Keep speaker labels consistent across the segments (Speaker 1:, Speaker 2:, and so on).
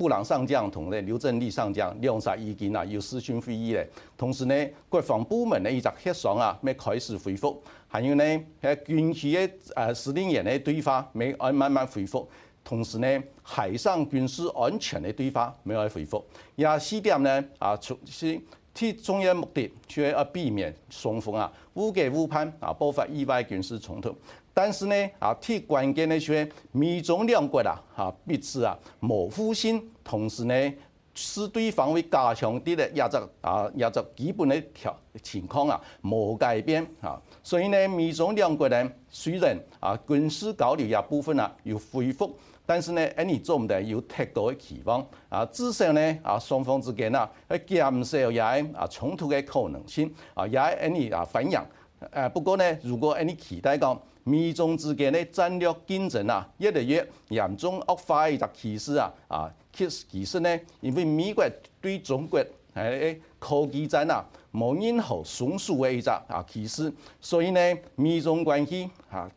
Speaker 1: 布朗上將同咧劉振立上將亮曬意見啊，有視訊會議。咧。同時，咧，國防部門咧亦就協商啊，亦開始恢復，還有咧喺軍事嘅誒、呃、司令員的對話咪按慢慢恢復。同時，咧，海上軍事安全的對話咪開始恢復。廿四點呢，咧啊，從是替其中目的，主要避免雙方啊誤解誤判啊爆發意外軍事衝突。但是呢，啊，最關鍵的是說，美中兩國啊，哈，彼此啊，冇互信，同時呢，使對方會加強啲的亞洲啊，亞洲基本的條情況啊，冇改變啊。所以呢，美中兩國呢，雖然啊，軍事交流也部分啊，有恢復，但是呢，Any 做唔定要太多嘅期望啊，至少呢，啊，雙方之間啊，誒，減少也啊衝突的可能性啊，也 Any 啊，反向。誒不過呢，如果喺你期待講美中之間的戰略競爭啊，越來越嚴重惡化的一個趨勢啊，啊其實呢，因為美國對中國誒誒科技戰啊，無任何勝算的一個啊趨勢，所以，所以呢，美中關係啊，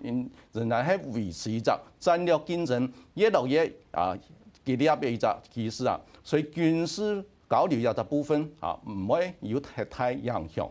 Speaker 1: 人仍然喺維持一個戰略競爭，越來越啊激烈的一個趨勢啊，所以軍事交流一個部分啊，唔會有太大影響。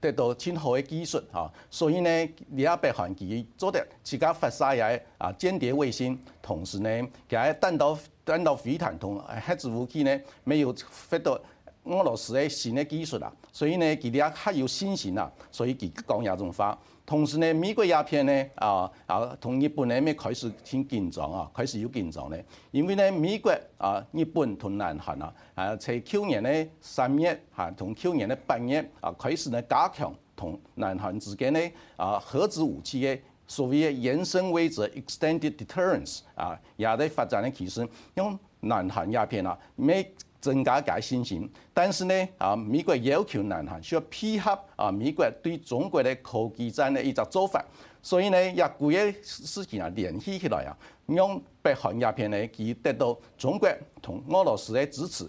Speaker 1: 得到先後嘅技術，所以呢而家北韓佢做得自家發射嘢啊，間諜衛星，同時呢佢喺彈道彈道飛彈同核子武器呢，沒有發到。俄羅斯的新的技術啦，所以呢，佢哋也較有信心啦，所以佢講也仲發。同時呢，美國鴉片呢，啊啊，啊，同日本呢，咩開始挺緊張啊，開始有緊張呢。因為呢，美國啊，日本同南韓啊，啊，在去年的三月啊，同去年的八月啊，開始呢加強同南韓之間呢啊核子武器的所謂的延伸威懾 （extended deterrence） 啊也在發展咧。其實用南韓鴉片啊，每增加佢信心，但是呢啊美國要求南韓需要配合啊美國對中國的科技戰的一個做法，所以呢也幾個事情啊聯繫起來啊，讓北韓鴉片呢給得到中國同俄羅斯的支持。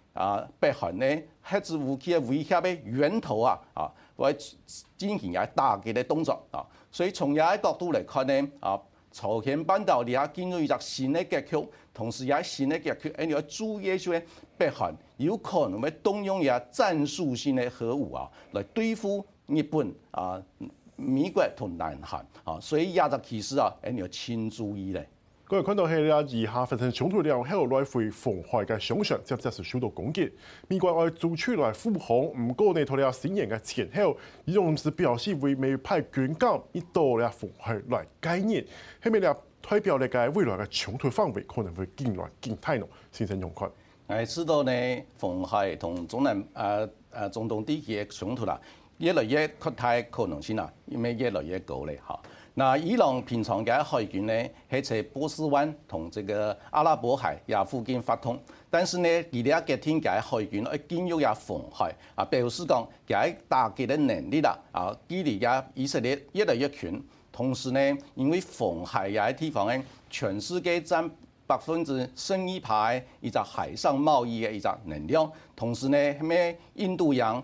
Speaker 1: 啊，北韓咧核子武器嘅威脅咧源頭啊，啊要進行也打擊啲動作啊，所以從也啲角度來看咧啊，朝鮮半島而家見到一隻新嘅格局，同時也新嘅格局，因為注意誒北韓有可能會動用嘢戰術性嘅核武啊，來對付日本啊美國同南韓啊，所以亞洲其實啊，你要請注意咧。各位看到係啦，以下
Speaker 2: 發生衝突，來回紅海嘅上上，即即時受到攻擊。美國我哋做出嚟護航，唔過，你睇下閃現嘅前後，呢種唔係表示會未派軍艦依到嚟紅海概念。熱。咁你睇表嚟嘅未來嘅衝突範圍，可能會更來更大咯，先生用
Speaker 1: 缺。誒，知道呢紅海同中南誒誒、啊、中東地區嘅衝突啦，越來越擴大可能性啦，因為越來越高咧嚇。啊，伊朗平常嘅海軍咧，喺在波斯灣同這個阿拉伯海也附近發通，但是咧伊哋嘅天界海軍軍喺兼有也紅海，啊表示講佢打擊嘅能力啦，啊距離也以色列越來越近，同時咧因為紅海也係地方咧，全世界佔百分之十二排，而作海上貿易嘅一個能量，同時咧咩印度洋。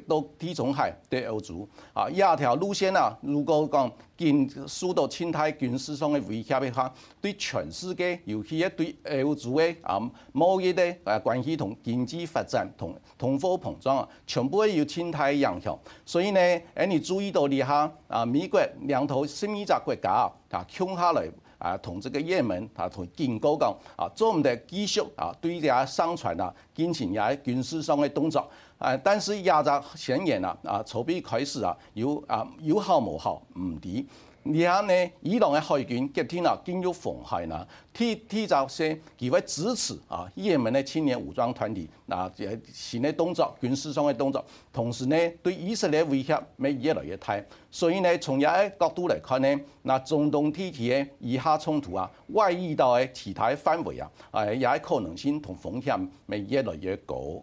Speaker 1: 都始中海對歐洲啊，廿條路線啊，如果講經受到清太軍事上的威脅的話，對全世界，尤其對對歐洲的啊，貿易的啊，關係同經濟發展同貨膨脹啊，全部要清太影響。所以呢，咧，你注意到咧哈啊，美國兩頭新一隻國家啊，強下來啊，同這個也門啊同建高港啊，做的到基縮啊，對啲啊商船啊，金持也軍事上的動作。啊，但是亞洲顯然啊，啊，籌備開始啊？有啊，有好無好唔啲。然後呢，伊朗嘅海軍決定啊，進入妨害啦、啊。提提朝先幾位支持啊，葉門嘅青年武裝團體啊，新嘅動作，軍事上嘅動作。同時呢，對以色列威脅咪越來越大。所以呢，從一啲角度嚟看呢，那中東地區呢，以哈衝突啊，外溢到嘅其他範圍啊，誒、啊，有、啊、可能性同風險咪越來越高。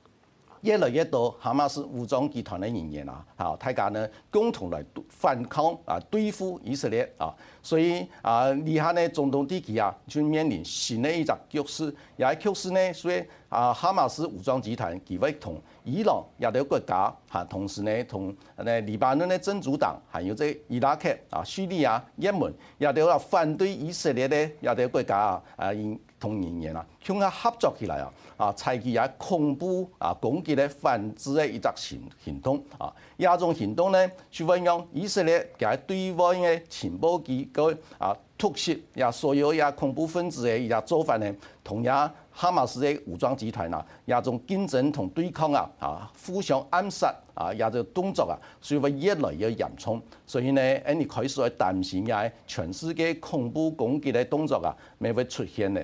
Speaker 1: 越來越多哈馬斯武裝集團的人員啊，嚇大家呢共同來反抗啊對付以色列啊，所以啊以下呢中東地區啊就面臨新的一個局勢。也確實呢，所以啊哈馬斯武裝集團佢會同伊朗也得國家啊，同時呢同呢黎巴嫩的真主黨，還有這伊拉克啊、敘利亞也門也啲要反對以色列呢，也得國家啊，誒、啊。因同人員啊，相互合作起來啊，啊，採取一恐怖啊攻擊的反制的一隻行動啊，也種行動呢，是運用以色列嘅對外的情報機構啊突襲也所有也恐怖分子的一隻做法呢，同也哈馬斯的武裝集團啊，也、啊、種競爭同對抗啊，啊，互相暗殺啊，也、啊、就、啊這個、動作啊，所以會越來越嚴重，所以咧，你開始擔心也全世界恐怖攻擊的動作啊，咪會出現的。